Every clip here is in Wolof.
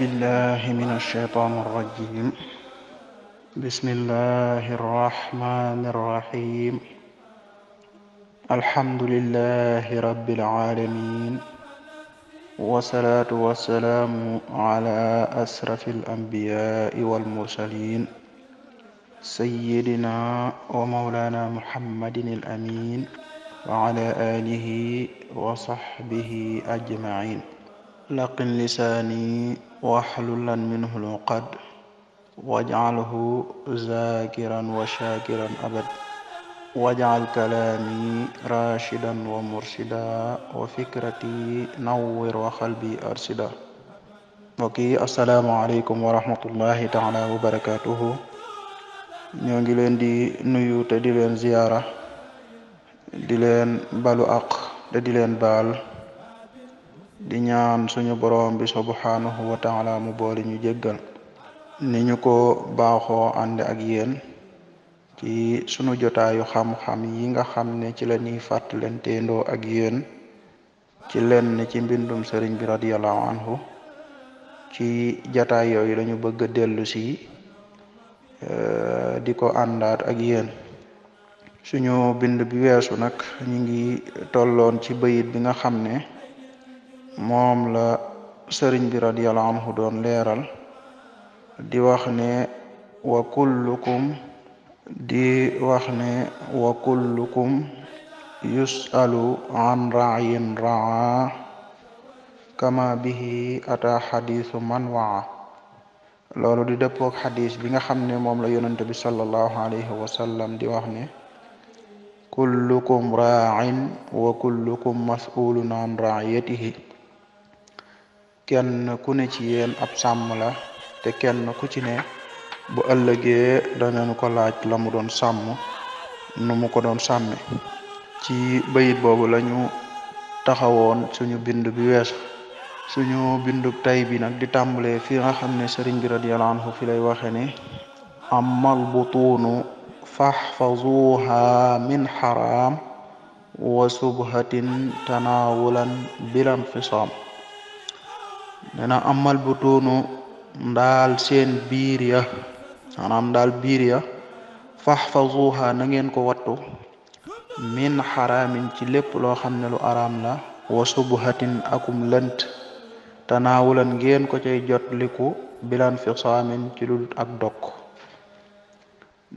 بالله من الشيطان الرجيم بسم الله الرحمن الرحيم الحمد لله رب العالمين والصلاة والسلام على أسرف الأنبياء والمرسلين سيدنا ومولانا محمد الأمين وعلى آله وصحبه أجمعين laqin lisaani waxlulan minhu luqad wajcalhu zaakiran wa shaakiran abad wajcal kalaami raashidan wa mursida wa fikrati nawwir wa xalbi arsida mbokk yi asalaamualeykum wa rahmatullahi taala wa barakatuhu ñoo ngi leen di nuyu te di leen ziyaara di balu aq te di baal di ñaan suñu borom bi subhanahu wa taala mu boole ñu jéggal ni ñu ko baaxoo ànd ak yéen ci sunu jotaayu xam-xam yi nga xam ne ci la ñuy fàttalanteendoo ak yéen ci lenn ci mbindum sëriñ bi radiallahu anhu ci jataay yooyu lañu bëgg a dellu si eh, di ko àndaat ak yéen suñu bind bi weesu nag ñu ngi tolloon ci bayit bi nga xam ne moom la sëriñ bi radiyallahu anhu doon leeral di wax ne wa kullukum di wax ne wa kullukum yusalu an ra'yin ra'a kama bihi ata xadisu man waa loolu di dëppook xadis bi nga xam ne moom la yonente bi sallallahu alayhi wa di wax ne kullukum ra'in wa kullukum mas'ulun an ra'iyatihi kenn ku ne ci yéen ab sàmm la te kenn ku ci ne bu ëllëgee danañu ko laaj lamu mu doon sàmm nu ko doon sàmme ci bayit boobu lañu taxawoon suñu bind bi weesu suñu bindu tay bi nag di tàmbalee fi nga xam ne sëriñ bi radiyallahu anhu fi lay waxe ne amal butuunu fahfazuha min xaraam wa subhatin tanawulan bila nfisaam nena amal butuunu ndaal seen biir ya maanaam daal biir ya faxfazuha na ngeen ko wattu min xaraamin ci lépp loo xam ne lu araam la wa subhatin akum lënt tanaawulan ngeen ko cay jot liku bilan fi ci lul ak dok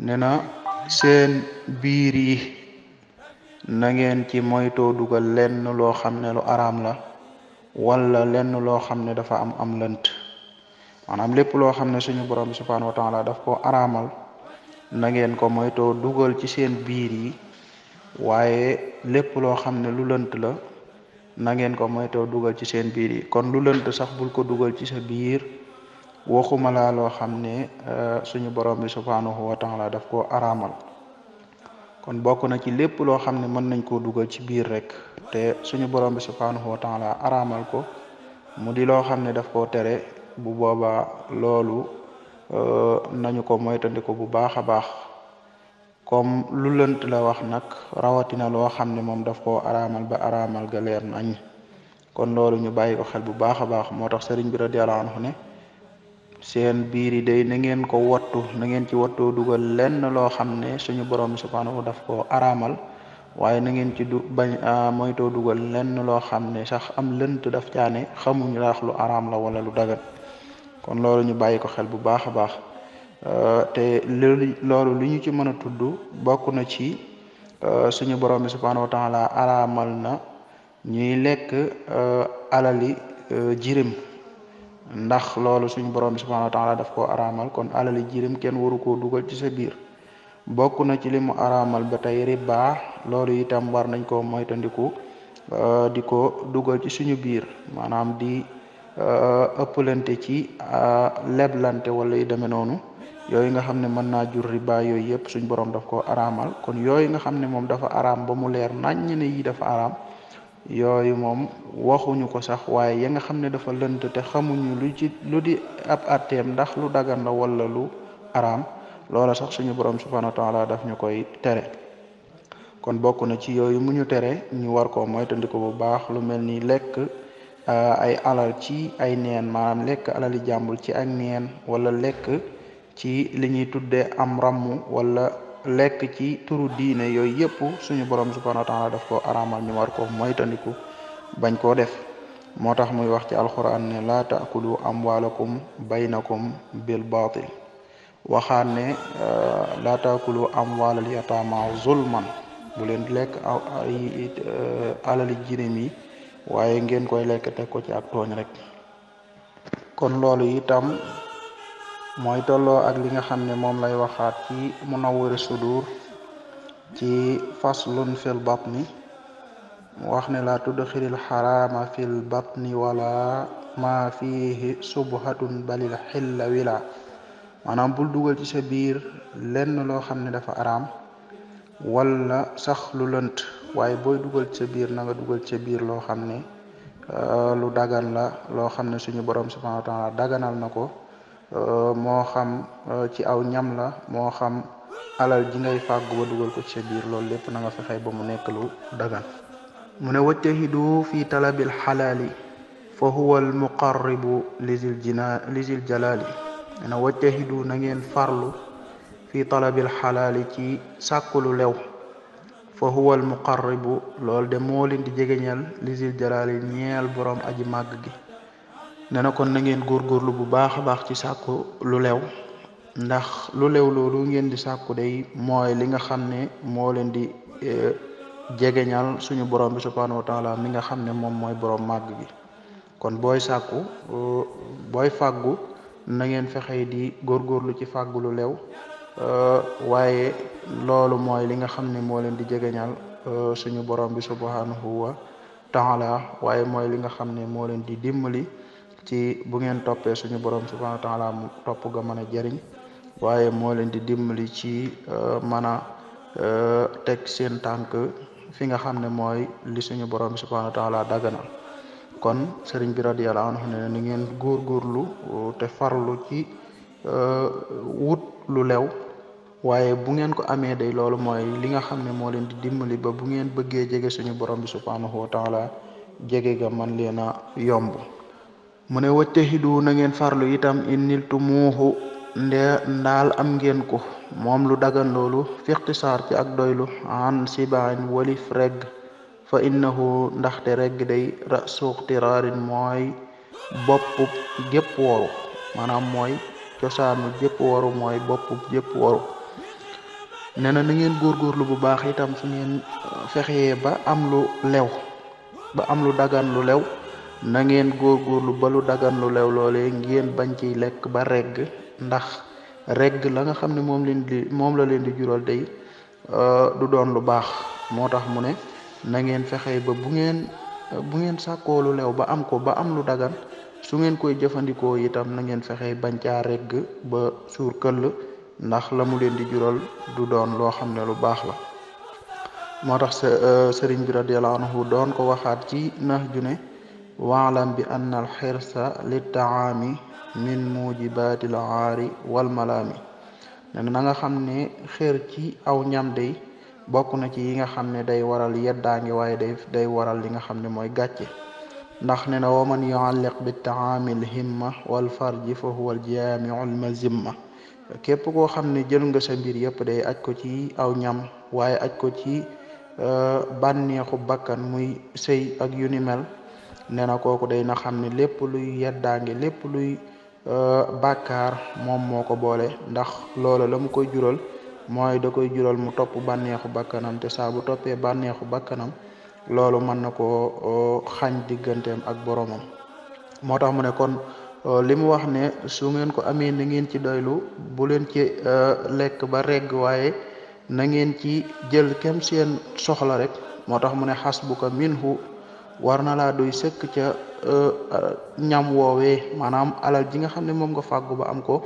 nena na seen biir yi na ngeen ci moyto dugal lenn loo xam ne lu araam la wala lenn loo xam ne dafa am am lënt maanaam lépp loo xam ne suñu borom bi subhanahu wa taala daf ko araamal na ko moytoo dugal ci seen biir yi waaye lépp loo xam ne lu lënt la na ko moytoo dugal ci seen biir yi kon lu lënt sax bul ko dugal ci sa biir waxuma laa loo xam ne euh, suñu borom bi subhanahu wa taala daf ko araamal kon bokk na ci lépp loo xam ne mën nañ koo dugal ci biir rek te suñu borom bi subhanahu wa taala araamal ko mu di loo xam ne daf koo tere bu boobaa loolu euh, nañu ko moytandiku bu baax a baax comme lu lënt la wax nag rawatina loo xam ne moom daf ko araamal ba araamal ga leer nañ kon loolu ñu bàyyi ko xel bu baax a baax moo tax sëriñ bi radiyallahu ne seen biir yi day na ngeen ko wattu na ngeen ci wattoo dugal lenn loo xam ne suñu borom bi subhanahu daf koo araamal waaye na ngeen ci du bañ moytoo dugal lenn loo xam ne sax am lënt daf caane xamuñu laax lu araam la wala lu dagan kon loolu ñu bàyyi ko xel bu baax a baax euh, te loolu lu ñu ci mën a tudd bokk na ci euh, suñu borom bi subhanahu wa taala araamal na ñuy lekk euh, alali jirim ndax loolu suñu borom bi subhanahu wa taala daf koo araamal kon alali jirim kenn waru koo dugal ci sa biir bokk na ci limu aramal ba tey riba loolu itam war nañ koo moytandiku euh, di ko dugal ci suñu biir maanaam di euh, ëppalante ci euh, leblante wala yu demee noonu yooyu nga xam ne mën naa jur riba yooyu yëpp suñ borom daf ko araamal kon yooyu nga xam ne moom dafa araam ba mu leer naññ ne yi dafa araam yooyu moom waxuñu ko sax waaye ya nga xam ne dafa lënt te xamuñu lu ci lu di ab atteem ndax lu dagan la wala lu araam loola sax suñu borom subhanahu wa taala daf ñu koy tere kon bokk na ci yooyu mu ñu tere ñu war koo moytandiku bu baax lu mel ni lekk euh, ay alal ci ay neen maanaam lekk alali jàmbul ci ak neen wala lekk ci li ñuy tuddee am ramm wala lekk ci turu diine yooyu yëpp suñu borom subhanahu wa taala ko araamal ñu war koo moytandiku bañ koo def moo tax muy wax ci alxuraan ne laa taakulu amwaalakum baynakum bil baatil waxaan ne euh, laa taakulu amwaalal yataama zulman bu leen lekk aw ay eh, alali jirim yi waaye ngeen koy lekk teg ko ci ak tooñ rek kon loolu itam mooy tolloo ak li nga xam ne moom lay waxaat ci munawwir sudur ci faslun fil batni wax ne la tudxilil xaraama fil batni wala ma fihi subhatun balil xilla wila maanaam bul dugal ci sa biir lenn loo xam ne dafa araam wala sax lu lënt waaye booy dugal ca biir na dugal ca biir loo xam ne euh, lu dagan la loo xam ne suñu borom subhanahu wa taala daganal na ko euh, moo xam euh, ci aw ñam la moo xam alal ji ngay fàggu ba dugal ko ca biir loolu lépp na nga ba mu nekk lu dagan mu ne fi talabil xalaali fa huwa al muqarribu lizil jina lizil jalaali ne wajtahidu na ngeen farlu fi talabil xalaali ci sàkku lu lew fa huwa al muqarribu lool de moo leen di jegeñal lisil jalaali ñeel boroom aji màgg gi ne kon na ngeen góorlu bu baax a baax ci sàkku lu lew ndax lu lew loolu ngeen di sàkku dey mooy li nga xam ne moo leen di e, jegeñal suñu borom bi subhanahu wa mi nga xam ne moom mooy boroom màgg gi kon booy sàkku e, booy fàggu na ngeen fexe di góorgóorlu ci fàggu lu lew Euh, waaye loolu mooy li nga xam ne moo leen di jegeñal euh, suñu borom bi subhanahu wa taala waaye mooy li nga xam ne moo leen di dimbali ci bu ngeen toppee suñu borom subhanahu wa taala topp ga mën a jëriñ waaye moo leen di dimbali ci euh, mën a teg seen tànk fi nga xam ne mooy li suñu borom bi subhanahu wa taala daganal kon sëriñ bi radiyallahu ne ni ngeen góorgóorlu te farlu ci wut lu lew waaye bu ngeen ko amee day loolu mooy li nga xam ne moo leen di dimbali ba bu ngeen bëggee jege suñu borom bi subhaanahu wa taala jege ga man leen a yomb mu ne wajtahidu na ngeen farlu itam innil tumuuxu nde ndaal am ngeen ko moom lu dagan loolu fixtisaar ci ak doylu an sibaan walif regg fa innahu ndaxte regg day ra suuxtiraarin mooy bopp gépp wooru maanaam mooy cosaanu jëpp waru mooy bopp jëpp waru nee na na ngeen góorgóorlu bu baax itam su ngeen uh, fexee ba am lu lew ba am lu dagan lu lew na ngeen góorgóorlu ba lu dagan lu lew loolee ngeen bañ ciy lekk ba regg ndax regg la nga xam ne moom leen di moom la leen di jural day uh, du doon lu baax moo tax mu ne na ngeen fexe ba bu ngeen bu ngeen sàkkoo lu lew ba am ko ba am lu dagan su ngeen koy jëfandikoo itam na ngeen fexe bañ caa ba suur këll ndax la mu leen di jural du doon loo xam ne lu baax la moo tax euh, sëriñ bi radiallahu anhu doon ko waxaat ci nax ju ne waalam bi ann al xirsa li taami min mujibatil aari wal malaami ne na nga xam ne xeer ci aw ñam day bokk na ci yi nga xam ne day waral yeddaange waaye day day waral li nga xam ne mooy gàcce ndax ne na waman yualliq bi taamil himma wal farji fa huwa al jaamiul mazimma képp koo xam ne jël nga sa mbir yëpp day aj ko ci aw ñam waaye aj ko ci euh, bànneexu bakkan muy sëy ak yunimel ni mel na kooku day na xam ne lépp luy yeddaange lépp luy euh, bàkkaar moom moo ko boole ndax loola la mu koy jural mooy da koy jural mu topp bànneexu bakkanam te saa toppee bànneexu bakkanam loolu mën na koo xañ digganteem ak boroomam moo tax mu ne kon li mu wax ne su ngeen ko amee na ngeen ci doylu bu leen ci e, lekk ba regg waaye na ngeen ci jël kem seen soxla rek moo tax mu ne xasbuka minhu war na laa duy sëkk ca e, ñam woowee maanaam alal ji nga xam ne moom nga fàggu ba am ko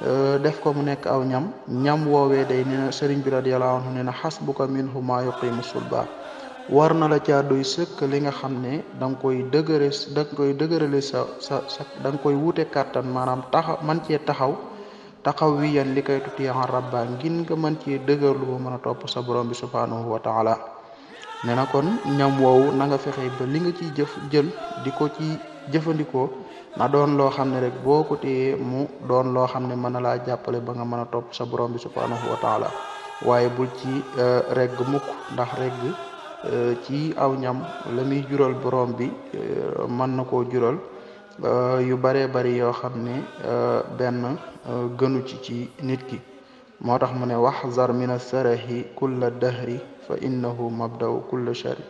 e, def ko mu nekk aw ñam ñam woowee day nee na sëriñ bi radiyallahu anhu nee na xasbuka minhu maa yuqimu sulba war na la caa doy sëkk li nga xam ne da koy dëgëre da koy dëgërale sa sa sa da koy wute kàttan maanaam taxaw man cee taxaw taxaw wi yan li koy tutiyaan rabba ngin nga mën cee dëgërlu ba mën a topp sa borom bi subhanahu wa taala ne na kon ñam woowu na nga fexe ba li nga ciy jëf jël di ko ci jëfandikoo na doon loo xam ne rek boo ko téyee mu doon loo xam ne mën na laa jàppale ba nga mën a topp sa borom bi subhanahu wa taala waaye bul ci euh, regg mukk ndax regg Euh, ci aw ñam la jural borom bi euh, mën na ko jural euh, yu baree bari yoo xam ne benn gënu ci ci nit ki moo tax mu ne waxzar min asarahi kulla dahri fa innahu mabdau kulla shari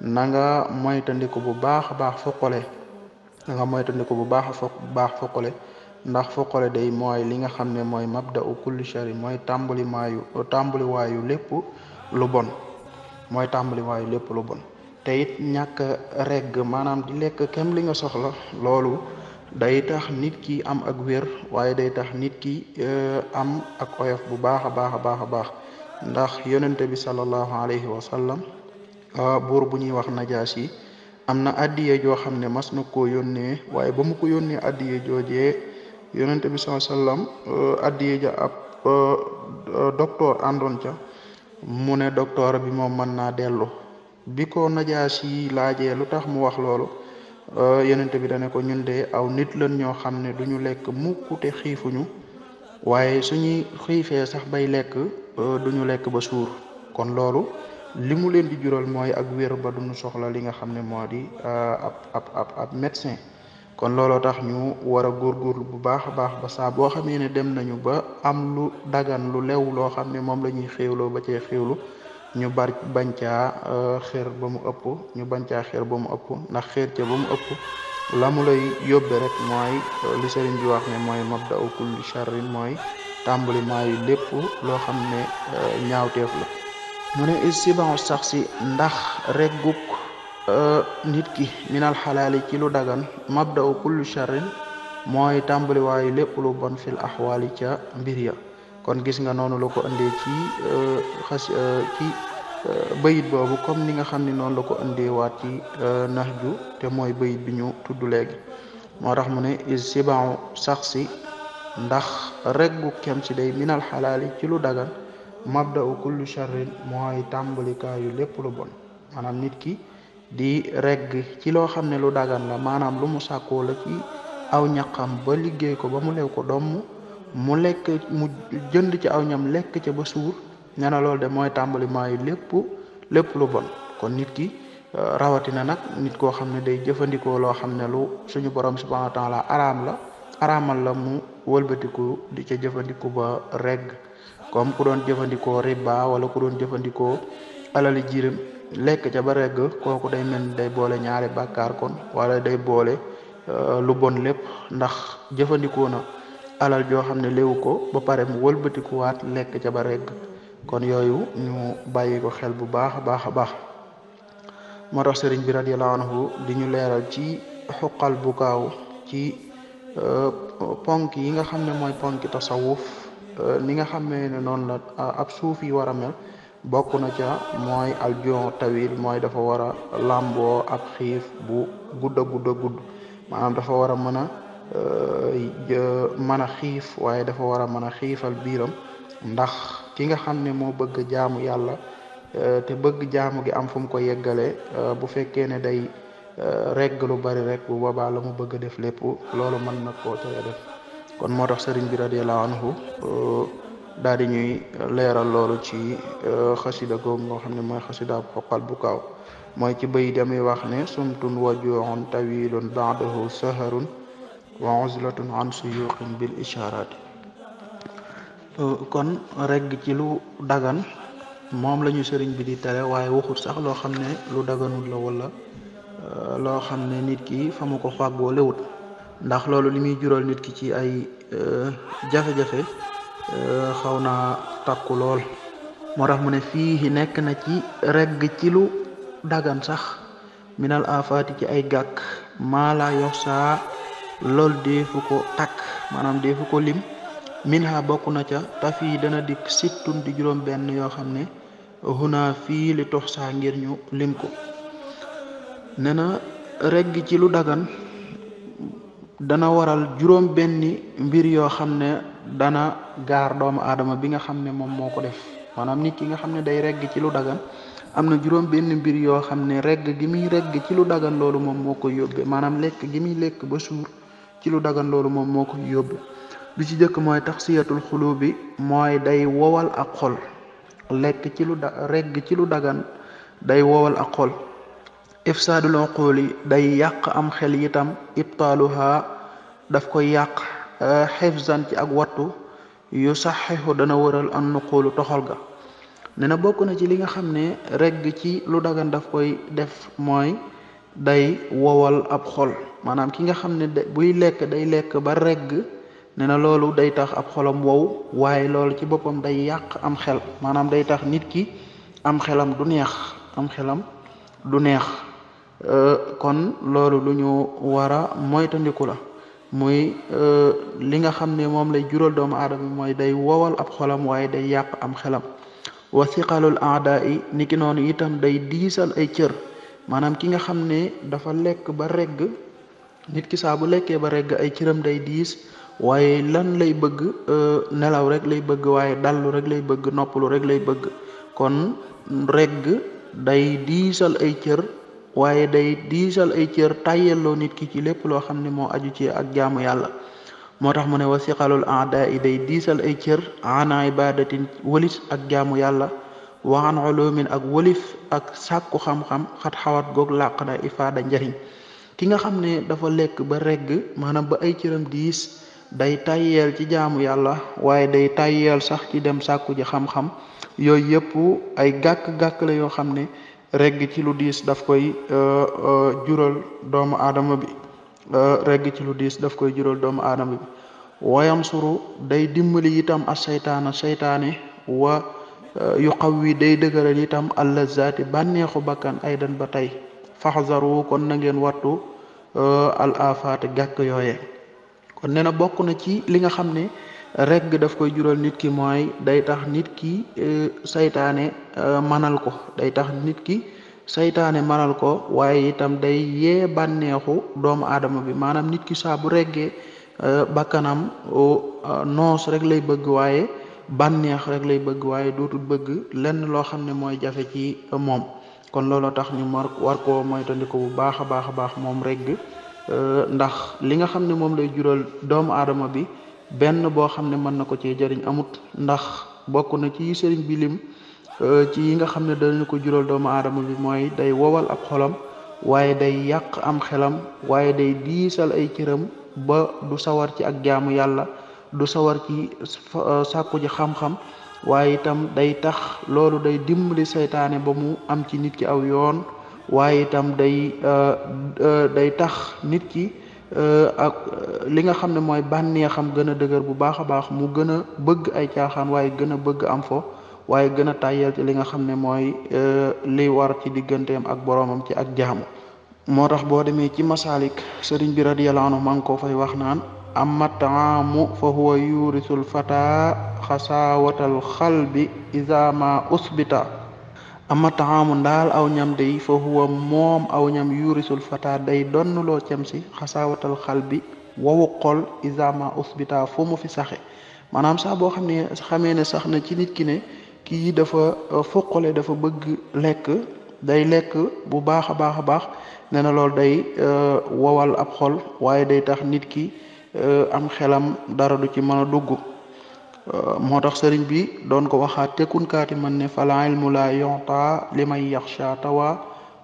na nga moytandiku bu baax a baax foqale na nga moytandiku bu baax fo baax foqale ndax foqale day mooy li nga xam ne mooy mabdau kulli shari mooy tàmbali maayu tàmbali waayu lépp lu bon mooy tàmbaliwaayu lépp lu bon te it ñàkk regg maanaam di lekk kem li nga soxla loolu day tax nit ki am ak wér waaye day tax nit ki euh, am ak oyof bu baax a baax a baax a baax ndax yonente bi sallallahu alayhi wa sallam euh, buur bu ñuy wax najaas yi am na addiye joo xam ne mas na koo yónnee waaye ba mu ko yónnee addiye joojee yonente bi sallallahu alayhi wa sallam euh, ja ab docteur àndoon ca mu ne doctor bi moom mën naa dellu bi ko najaa si laajee lu tax mu wax loolu euh, yonent bi da ne ko ñun de aw nit lan ñoo xam ne du ñu lekk mukk te xiifuñu waaye suñuy xiifee sax bay lekk euh, du ñu lekk ba suur kon loolu li mu leen di jural mooy ak wér ba duñu soxla li nga xam ne moo di euh, ab ab ab médecin kon looloo tax ñu war a góorgóorlu bu baax a baax ba saa boo xamee ne dem nañu ba am lu dagan lu lew loo xam ne moom la ñuy xéewloo ba cee xéewlu ñu bar bancaa euh, xeer ba mu ëpp ñu bancaa xeer ba mu ëpp ndax xeer ca ba mu ëpp la mu lay yóbbe rek mooy euh, li sëriñ ne mooy mabda u kulli charrin mooy tàmbali maayu lépp loo xam ne euh, ñaawteef la mu ne istiban sax si ndax reggub Euh, nit ki minal xalaali ci lu dagan mabda'u kulli sharrin mooy tàmbaliwaayu lépp lu bon fil axwaali ca mbir ya kon gis nga noonu la ko indee ci euh, xas euh, ci bayit boobu comme ni nga xam ne noonu la ko indee waat ci nax ju te mooy bayit bi ñu tudd léegi moo tax mu ne is sibanu sax si ndax rek gu kem si day minal xalaali ci lu dagan mabda'u kulli sharrin mooy tàmbalikaayu lépp lu bon maanaam nit ki di regg ci loo xam ne lu dagan la maanaam lu mu sàkkoo la aw ñaqam ba liggéey ko ba mu lew ko doom mu lekk mu jënd ci aw ñam lekk ca ba suur nee na loolu de mooy tàmbaliment yi lépp lépp lu bon kon nit ki euh, rawatina nag nit koo xam ne day jëfandikoo loo xam ne lu suñu borom subhanahu wa taala araam la araamal la mu wëlbatiku di ci jëfandiku ba regg kom ku doon jëfandikoo riba wala ku doon jëfandikoo alali jirim lekk ca ba regg kooku day mel ni day boole ñaare bàkkaar kon wala day boole euh, lu bon lépp ndax jëfandikoo na alal joo xam ne leewu ko ba pare mu wëlbatikuwaat lekk ca ba regg kon yooyu ñu bàyyi ko xel bu baax a baax a baax moo tax sëriñ bi radiyallahu di ñu leeral ci xuqal bu kaaw ci euh, ponk yi nga xam ne mooy ponki tasawuf euh, ni nga xam ne noonu la ab suuf yi war a mel bokk na ca mooy aljon tawil mooy dafa war a làmboo ab xiif bu gudd a gudd a gudd maanaam dafa war a mën a euh, mën a xiif waaye dafa war a mën a xiifal biiram ndax ki nga xam ne moo bëgg jaamu yàlla euh, te bëgg jaamu gi am fu mu ko yeggale euh, bu fekkee ne day regg lu bari rek bu boobaa la mu bëgg a def lépp loolu mën na koo tere def kon moo tax sëriñ bi radiyallahu anhu daal di ñuy leeral loolu ci euh, xasida googu nga xam ne mooy xasida ab bu kaw mooy ci bay dami wax ne sumtun wajuun tawilun baadahu saharun wa uzlatun an suyuqin bil isharat euh, kon regg ci lu dagan moom la sëriñ bi di tere waaye waxut sax loo xam ne lu daganul la wala euh, loo xam ne nit ki fa mu ko fàggoo lewut ndax loolu li muy jural nit ki ci ay jafe-jafe Euh, xaw na takku lool moo tax mu ne fii nekk na ci regg ci lu dagan sax minal afaati ci ay gàkk maala yox saa lool deefu ko takk maanaam deefu ko lim min ha bokk na ca taf yi dana dikk sittun di juróom benn yoo xam ne xunaa fii li tox saa ngir ñu lim ko ne na regg ci lu dagan dana waral juróom benni mbir yoo xam ne dana gaar doomu aadama bi nga xam ne moom moo ko def maanaam nit ki nga xam ne day regg ci lu dagan am na juróom benn mbir yoo xam ne regg gi muy ci lu dagan loolu moom moo koy yóbbee maanaam lekk gi muy lekk ba suur ci lu dagan loolu moom moo koy yóbbe bi ci jëkk mooy taxsiyatul xulub bi mooy day wowal ak xol lekk ci lu ci lu dagan day wowal ak xol ifsaadul uquli day yàq am xel itam ibtaaluha daf koy yàq Euh, xifzan ci ak wattu yu sax saxihu dana wëral an nuqulu toxal ga ne bokk na ci li nga xam ne regg ci lu dagan daf koy def mooy day wowal ab xol maanaam ki nga xam ne buy lekk day lekk ba regg ne na loolu day tax ab xolam wow waaye loolu ci boppam day yàq am xel maanaam day tax nit ki am xelam du neex am xelam du neex euh, kon loolu lu ñu war a moytandiku la muy euh, li nga xam ne moom lay jural doomu aadama mooy day wowal ab xolam waaye day yàq am xelam wa siqalul aada yi niki noonu itam day diisal ay cër maanaam ki nga xam ne dafa lekk ba regg nit ki saa bu lekkee ba regg ay cëram day diis waaye lan lay bëgg euh, nelaw rek lay bëgg waaye dallu rek lay bëgg noppalu rek lay bëgg kon regg day diisal ay cër waaye day diisal ay cër tàyyelloo nit ki ci lépp loo xam ne moo aju ci ak jaamu yàlla moo tax mu ne wa siqalul aada yi day diisal ay cër ana ibadatin wolis ak jaamu yàlla waan ulumin ak wolif ak sàkku xam-xam xat xawat goog làq na ifaada njariñ ki nga xam ne dafa lekk ba regg maanaam ba ay cëram diis day tayyeel ci jaamu yàlla waaye day tayyeel sax ci dem sàkku ji xam-xam yooyu yëpp ay gàkk-gàkk la yoo xam ne regg ci lu diis daf koy euh, euh, jural doomu aadama bi euh, regg ci lu diis daf koy jural doomu aadama bi wayam suru day dimbali itam a seytaana seytaane wa yu xaw wi day dëgëral itam allazaati bànneexu bakkan ay dan ba tey faxzaru kon na ngeen wattu al afaat gàkk yooye kon nee na ci li xam ne regg def koy jural nit ki mooy day tax nit ki e, saytaane e, manal ko day tax nit ki saytaane manal ko waaye itam day yee bànneexu doomu aadama bi maanaam nit ki saa bu reggee e, bakkanam noos rek lay bëgg waaye bànneex rek lay bëgg waaye dootul bëgg lenn loo xam ne mooy jafe ci moom kon looloo tax ñu mar war ko koo moytandiku bu baax a baax a baax moom regg ndax li nga xam ne moom lay jural doomu aadama bi benn boo xam ne mën na ko cee jëriñ amut ndax bokk na ci sëriñ bi lim euh, ci yi nga xam ne danañu ko jural doomu aadama bi mooy day wowal ab xolam waaye day yàq am xelam waaye day diisal ay cëram ba du sawar ci ak jaamu yàlla du sawar ci euh, sàkku ji xam-xam waaye itam day tax loolu day dimbali seytaane ba mu am ci nit ki aw yoon waaye itam day euh, day tax nit ki Euh, ak euh, li nga xam ne mooy bànneexam gën a dëgër bu baax a baax mu gën a bëgg ay caaxaan waaye gën a bëgg am fo waaye gën a tàyyeel ci li nga xam ne mooy euh, li war ci digganteem ak boroomam ci ak jaamu moo tax boo demee ci masaalik sëriñ bi radiyallahu anhu maa ngi ko fay wax naan amma taamu fa huwa yurisul fata xal bi izama usbita am ama taamu ndaal aw ñam day foofu huwa moom aw ñam yuurisul fata day donnuloo cem si xasaawatal xal bi wowu xol isama usbita foo mu fi saxe maanaam sax boo xam ne xamee ne sax na ci nit ki ne kii dafa euh, foqale dafa bëgg lekk day lekk bu baax a baax a baax nee na loolu day euh, wowal ab xol waaye day tax nit ki euh, am xelam dara du ci mën a dugg Euh, moo tax sëriñ bi doon ko waxaat tekun kaati ne fal ilmu la yonta li may yaxsha tawa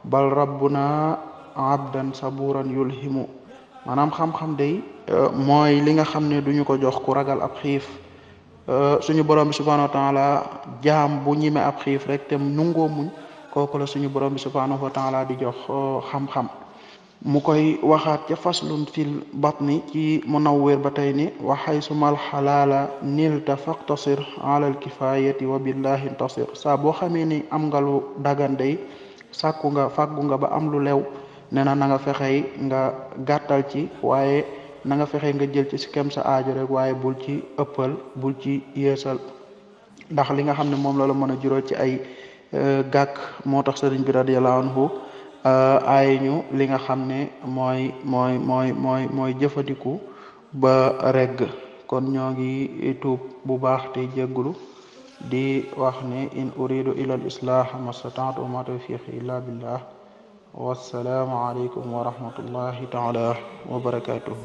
bal rabbuna abdan saburan yulhimu maanaam xam-xam day euh, mooy li nga xam ne duñu ko jox ku ragal ab xiif euh, suñu borom bi subhanahu wa taala jaam bu ñime ab xiif rek te nungoo muñ kooku la suñu borom bi subhanahu wa taala di jox xam-xam mu koy waxaat ca faslun fil batni ci munawwir ba tey ni wa xaysumal xalaala nilta faqtasir alal kifayati wa billahi intasir saa boo xamee ni am nga lu dagandey sàkku nga fàggu nga ba am lu lew nee na na nga nga gàttal ci waaye nanga nga nga jël ci si kem sa aajo rek waaye bul ci ëppal bul ci yeesal ndax li nga xam ne moom la la mën a jural ci ay euh, gàkk moo tax sëriñ bi radiyallahu anhu Euh, ay ñu li nga xam ne mooy mooy mooy mooy mooy jëfandiku ba regg kon ñoo ngi tuub bu baax te jéggulu di wax ne in uridu ila al islah mastataatu ma tawfiqi illa billah wassalaamu aleykum wa rahmatullahi taala wa barakatuhu